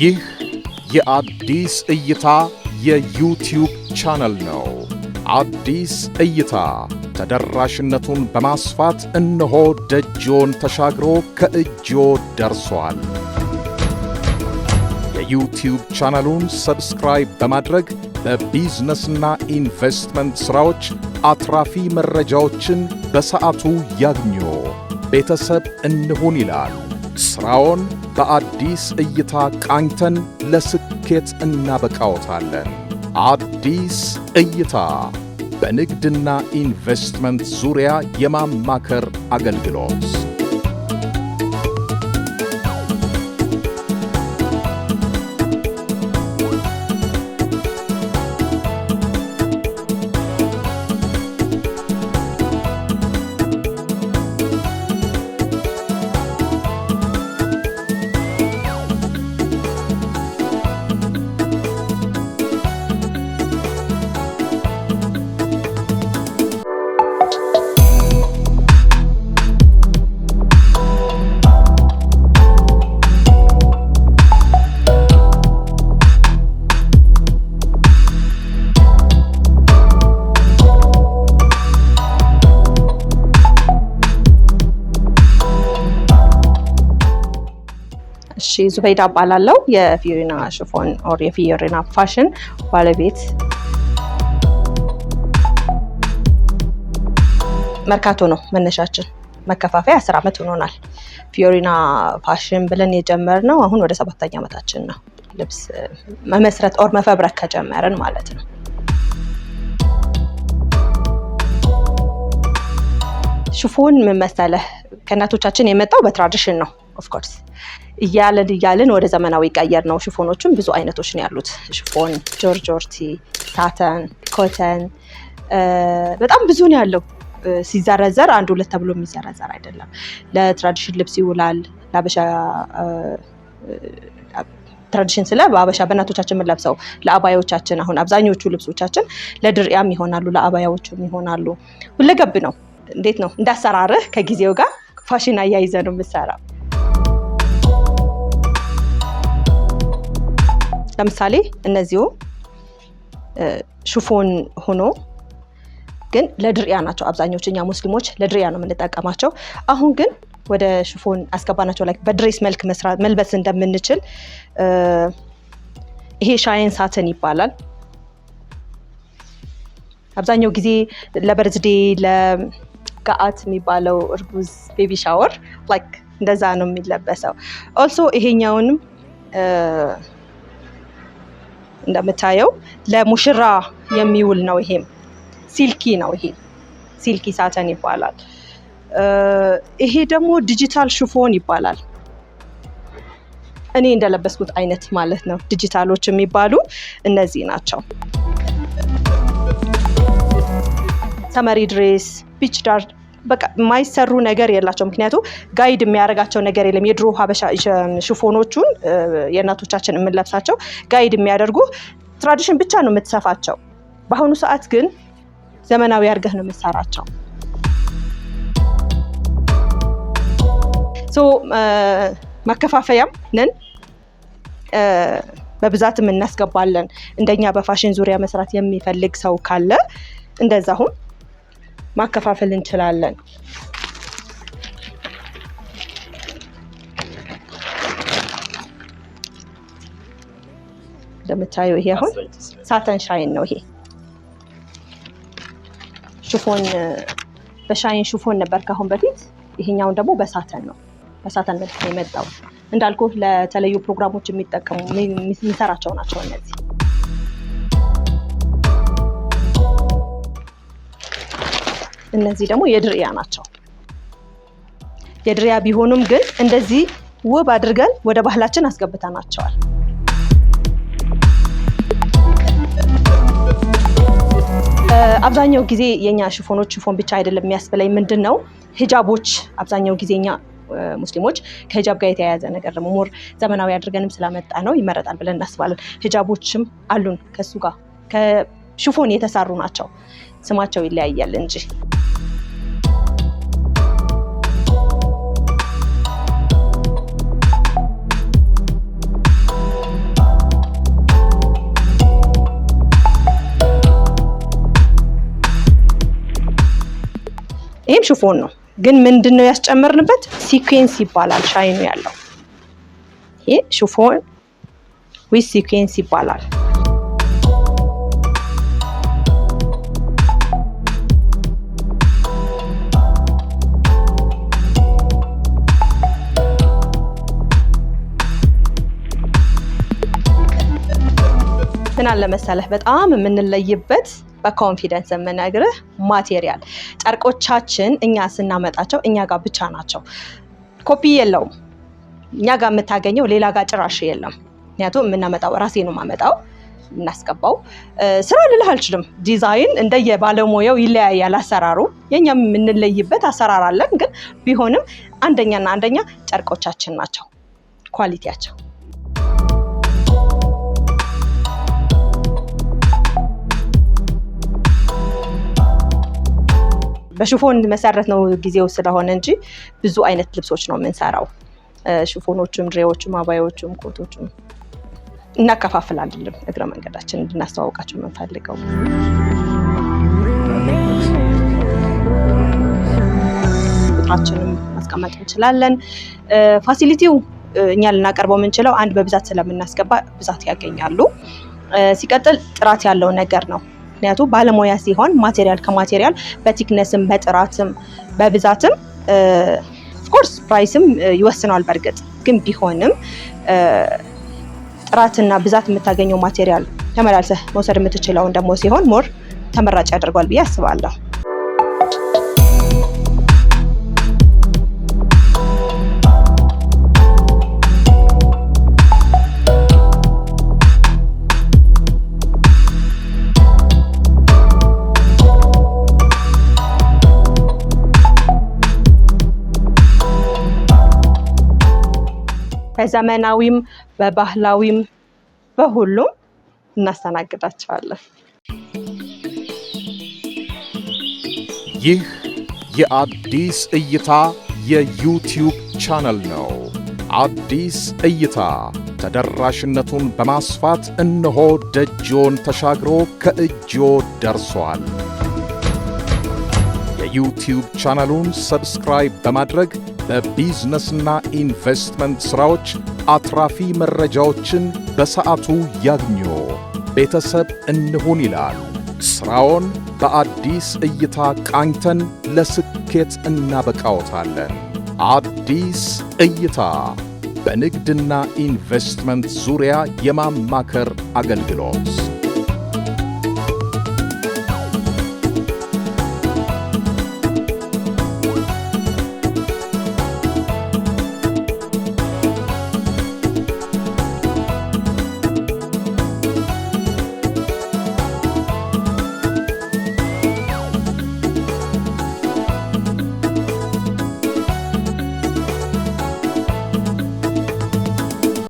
ይህ የአዲስ እይታ የዩቲዩብ ቻናል ነው። አዲስ እይታ ተደራሽነቱን በማስፋት እነሆ ደጅዎን ተሻግሮ ከእጅዎ ደርሷል። የዩቲዩብ ቻናሉን ሰብስክራይብ በማድረግ በቢዝነስና ኢንቨስትመንት ሥራዎች አትራፊ መረጃዎችን በሰዓቱ ያግኙ። ቤተሰብ እንሁን ይላል ስራውን በአዲስ እይታ ቃኝተን ለስኬት እናበቃዎታለን። አዲስ እይታ በንግድና ኢንቨስትመንት ዙሪያ የማማከር አገልግሎት እሺ ዙበይዳ እባላለሁ። የፊዮሪና ሽፎን ኦር የፊዮሪና ፋሽን ባለቤት መርካቶ ነው መነሻችን። መከፋፈያ አስር ዓመት ሆኖናል። ፊዮሪና ፋሽን ብለን የጀመርነው አሁን ወደ ሰባተኛ ዓመታችን ነው። ልብስ መመስረት ኦር መፈብረክ ከጀመርን ማለት ነው። ሽፎን ምን መሰለህ ከእናቶቻችን የመጣው በትራዲሽን ነው ኦፍኮርስ እያለን እያለን ወደ ዘመናዊ ቀየር ነው። ሽፎኖችም ብዙ አይነቶች ነው ያሉት። ሽፎን፣ ጆርጆርቲ፣ ታተን፣ ኮተን በጣም ብዙ ነው ያለው። ሲዘረዘር አንድ ሁለት ተብሎ የሚዘረዘር አይደለም። ለትራዲሽን ልብስ ይውላል። ለአበሻ ትራዲሽን ስለ በአበሻ በእናቶቻችን የምንለብሰው ለአባያዎቻችን፣ አሁን አብዛኞቹ ልብሶቻችን ለድርያም ይሆናሉ፣ ለአባያዎቹም ይሆናሉ። ሁለገብ ነው። እንዴት ነው እንዳሰራርህ ከጊዜው ጋር ፋሽን አያይዘ ነው የምሰራው። ለምሳሌ እነዚሁ ሽፎን ሆኖ ግን ለድርያ ናቸው። አብዛኞቹ እኛ ሙስሊሞች ለድርያ ነው የምንጠቀማቸው። አሁን ግን ወደ ሽፎን አስገባናቸው። ላይ በድሬስ መልክ መልበስ እንደምንችል ይሄ ሻይን ሳትን ይባላል። አብዛኛው ጊዜ ለበርዝዴ ለጋአት የሚባለው እርጉዝ ቤቢ ሻወር ላይክ እንደዛ ነው የሚለበሰው። ኦልሶ ይሄኛውንም እንደምታየው ለሙሽራ የሚውል ነው። ይሄም ሲልኪ ነው። ይሄ ሲልኪ ሳተን ይባላል። ይሄ ደግሞ ዲጂታል ሽፎን ይባላል። እኔ እንደለበስኩት አይነት ማለት ነው። ዲጂታሎች የሚባሉ እነዚህ ናቸው። ሰመሪ ድሬስ፣ ቢች ዳር በቃ የማይሰሩ ነገር የላቸው። ምክንያቱ ጋይድ የሚያደርጋቸው ነገር የለም። የድሮ ሀበሻ ሽፎኖቹን የእናቶቻችን የምንለብሳቸው ጋይድ የሚያደርጉ ትራዲሽን ብቻ ነው የምትሰፋቸው። በአሁኑ ሰዓት ግን ዘመናዊ አድርገህ ነው የምትሰራቸው። ማከፋፈያም ነን በብዛትም እናስገባለን። እንደኛ በፋሽን ዙሪያ መስራት የሚፈልግ ሰው ካለ እንደዛሁም ማከፋፈል እንችላለን። እንደምታየው ይሄ አሁን ሳተን ሻይን ነው። ይሄ ሽፎን በሻይን ሽፎን ነበር ከአሁን በፊት። ይሄኛውን ደግሞ በሳተን ነው በሳተን መልክ የመጣው እንዳልኩ ለተለዩ ፕሮግራሞች የሚጠቀሙ የሚሰራቸው ናቸው እነዚህ እነዚህ ደግሞ የድርያ ናቸው። የድርያ ቢሆኑም ግን እንደዚህ ውብ አድርገን ወደ ባህላችን አስገብተናቸዋል። አብዛኛው ጊዜ የኛ ሽፎኖች ሽፎን ብቻ አይደለም የሚያስበላይ ምንድን ነው ሂጃቦች አብዛኛው ጊዜ እኛ ሙስሊሞች ከሂጃብ ጋር የተያያዘ ነገር ደግሞ ሞር ዘመናዊ አድርገንም ስላመጣ ነው ይመረጣል ብለን እናስባለን። ሂጃቦችም አሉን ከሱ ጋር ከሽፎን የተሰሩ ናቸው። ስማቸው ይለያያል እንጂ ይህም ሽፎን ነው፣ ግን ምንድን ነው ያስጨመርንበት? ሲኩዌንስ ይባላል ሻይኑ ያለው ይሄ ሽፎን ዊዝ ሲኩዌንስ ይባላል። ምን አለ መሰለህ በጣም የምንለይበት በኮንፊደንስ የምነግርህ ማቴሪያል ጨርቆቻችን እኛ ስናመጣቸው እኛ ጋር ብቻ ናቸው። ኮፒ የለውም። እኛ ጋር የምታገኘው ሌላ ጋር ጭራሽ የለም። ምክንያቱም የምናመጣው ራሴ ነው የማመጣው እናስገባው ስራ ልልህ አልችልም። ዲዛይን እንደየ ባለሙያው ይለያያል አሰራሩ። የኛ የምንለይበት አሰራር አለን፣ ግን ቢሆንም አንደኛና አንደኛ ጨርቆቻችን ናቸው ኳሊቲያቸው በሽፎን መሰረት ነው ጊዜው ስለሆነ እንጂ ብዙ አይነት ልብሶች ነው የምንሰራው። ሽፎኖችም፣ ድሬዎችም፣ አባዮችም፣ ኮቶችም እናከፋፍላለን። እግረ መንገዳችን እንድናስተዋውቃቸው የምንፈልገው ቁጥራችንም ማስቀመጥ እንችላለን። ፋሲሊቲው እኛ ልናቀርበው የምንችለው አንድ በብዛት ስለምናስገባ ብዛት ያገኛሉ። ሲቀጥል ጥራት ያለው ነገር ነው። ምክንያቱ ባለሙያ ሲሆን ማቴሪያል ከማቴሪያል በቲክነስም በጥራትም በብዛትም ኦፍኮርስ ፕራይስም ይወስናል። በእርግጥ ግን ቢሆንም ጥራትና ብዛት የምታገኘው ማቴሪያል ተመላልሰህ መውሰድ የምትችለውን ደግሞ ሲሆን ሞር ተመራጭ ያደርጓል ብዬ አስባለሁ። በዘመናዊም በባህላዊም በሁሉም እናስተናግዳቸዋለን። ይህ የአዲስ እይታ የዩቲዩብ ቻናል ነው። አዲስ እይታ ተደራሽነቱን በማስፋት እነሆ ደጅዎን ተሻግሮ ከእጅዎ ደርሷል። የዩቲዩብ ቻናሉን ሰብስክራይብ በማድረግ በቢዝነስና ኢንቨስትመንት ሥራዎች አትራፊ መረጃዎችን በሰዓቱ ያግኙ። ቤተሰብ እንሁን ይላል። ሥራውን በአዲስ እይታ ቃኝተን ለስኬት እናበቃዎታለን። አዲስ እይታ በንግድና ኢንቨስትመንት ዙሪያ የማማከር አገልግሎት